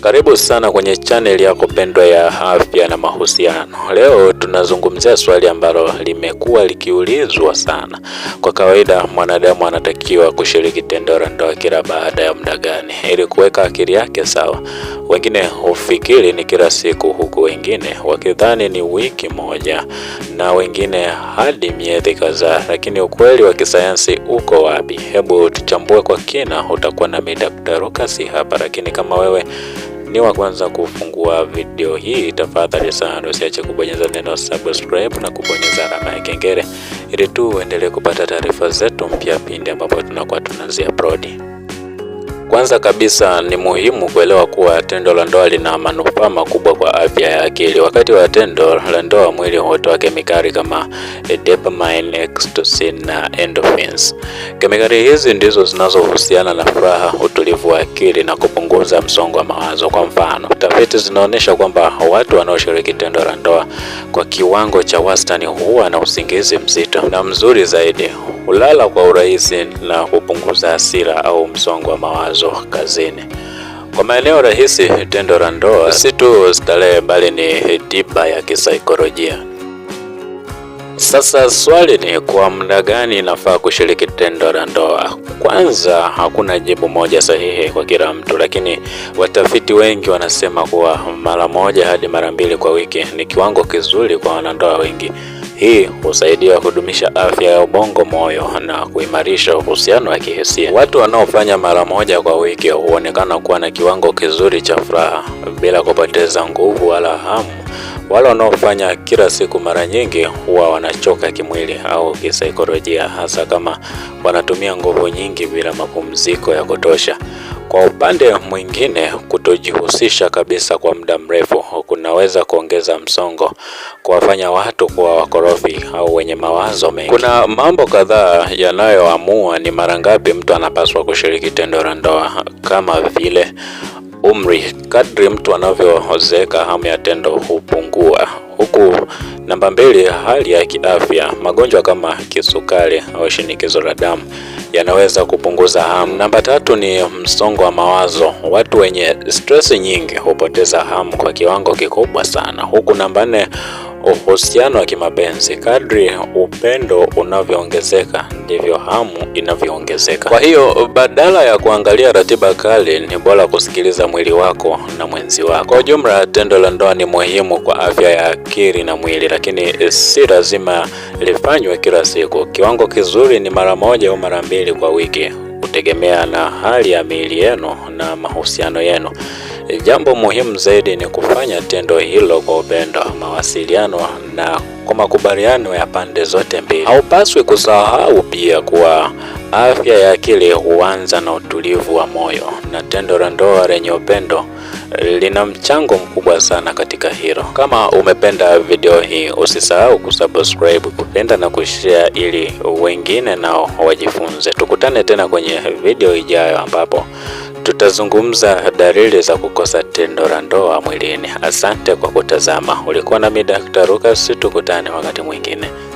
Karibu sana kwenye chaneli yako pendwa ya afya na mahusiano. Leo tunazungumzia swali ambalo limekuwa likiulizwa sana. Kwa kawaida, mwanadamu anatakiwa kushiriki tendo la ndoa kila baada ya muda gani ili kuweka akili yake sawa? Wengine hufikiri ni kila siku, huku wengine wakidhani ni wiki moja, na wengine hadi miezi kadhaa. Lakini ukweli wa kisayansi uko wapi? Hebu tuchambue kwa kina. Utakuwa na mida kutaruka si hapa, lakini kama wewe ni wa kwanza kufungua video hii, tafadhali sana usiache kubonyeza neno subscribe na kubonyeza alama ya kengele ili tu uendelee kupata taarifa zetu mpya pindi ambapo tunakuwa tunazia prodi. Kwanza kabisa ni muhimu kuelewa kuwa tendo la ndoa lina manufaa makubwa kwa afya ya akili. Wakati wa tendo la ndoa, mwili hutoa kemikali kama dopamine, oxytocin na endorphins. Kemikali hizi ndizo zinazohusiana na furaha, utulivu wa akili na kupunguza msongo wa mawazo. Kwa mfano, tafiti zinaonyesha kwamba watu wanaoshiriki tendo la ndoa kwa kiwango cha wastani huwa na usingizi mzito na mzuri zaidi kulala kwa urahisi na kupunguza hasira au msongo wa mawazo kazini. Kwa maeneo rahisi, tendo la ndoa si tu starehe, bali ni tiba ya kisaikolojia. Sasa swali ni kwa muda gani inafaa kushiriki tendo la ndoa? Kwanza, hakuna jibu moja sahihi kwa kila mtu, lakini watafiti wengi wanasema kuwa mara moja hadi mara mbili kwa wiki ni kiwango kizuri kwa wanandoa wengi. Hii husaidia kudumisha afya ya ubongo, moyo na kuimarisha uhusiano wa kihisia. Watu wanaofanya mara moja kwa wiki huonekana kuwa na kiwango kizuri cha furaha bila kupoteza nguvu wala hamu. Wale wanaofanya kila siku mara nyingi huwa wanachoka kimwili au kisaikolojia, hasa kama wanatumia nguvu nyingi bila mapumziko ya kutosha. Kwa upande mwingine, kutojihusisha kabisa kwa muda mrefu unaweza kuongeza msongo, kuwafanya watu kuwa wakorofi au wenye mawazo mengi. Kuna mambo kadhaa yanayoamua ni mara ngapi mtu anapaswa kushiriki tendo la ndoa, kama vile umri. Kadri mtu anavyozeeka, hamu ya tendo hupungua, huku namba mbili, hali ya kiafya. Magonjwa kama kisukari au shinikizo la damu yanaweza kupunguza hamu. Namba tatu ni msongo wa mawazo. Watu wenye stress nyingi hupoteza hamu kwa kiwango kikubwa sana, huku namba nne uhusiano wa kimapenzi. Kadri upendo unavyoongezeka ndivyo hamu inavyoongezeka. Kwa hiyo badala ya kuangalia ratiba kali, ni bora kusikiliza mwili wako na mwenzi wako. Kwa ujumla, tendo la ndoa ni muhimu kwa afya ya akili na mwili, lakini si lazima lifanywe kila siku. Kiwango kizuri ni mara moja au mara mbili mbili kwa wiki kutegemea na hali ya miili yenu na mahusiano yenu. Jambo muhimu zaidi ni kufanya tendo hilo kwa upendo, mawasiliano na kwa makubaliano ya pande zote mbili. Haupaswi kusahau pia kuwa Afya ya akili huanza na utulivu wa moyo na tendo la ndoa lenye upendo lina mchango mkubwa sana katika hilo. Kama umependa video hii, usisahau kusubscribe, kupenda na kushare ili wengine nao wajifunze. Tukutane tena kwenye video ijayo ambapo tutazungumza dalili za kukosa tendo la ndoa mwilini. Asante kwa kutazama. Ulikuwa nami Dr. Lucas, tukutane wakati mwingine.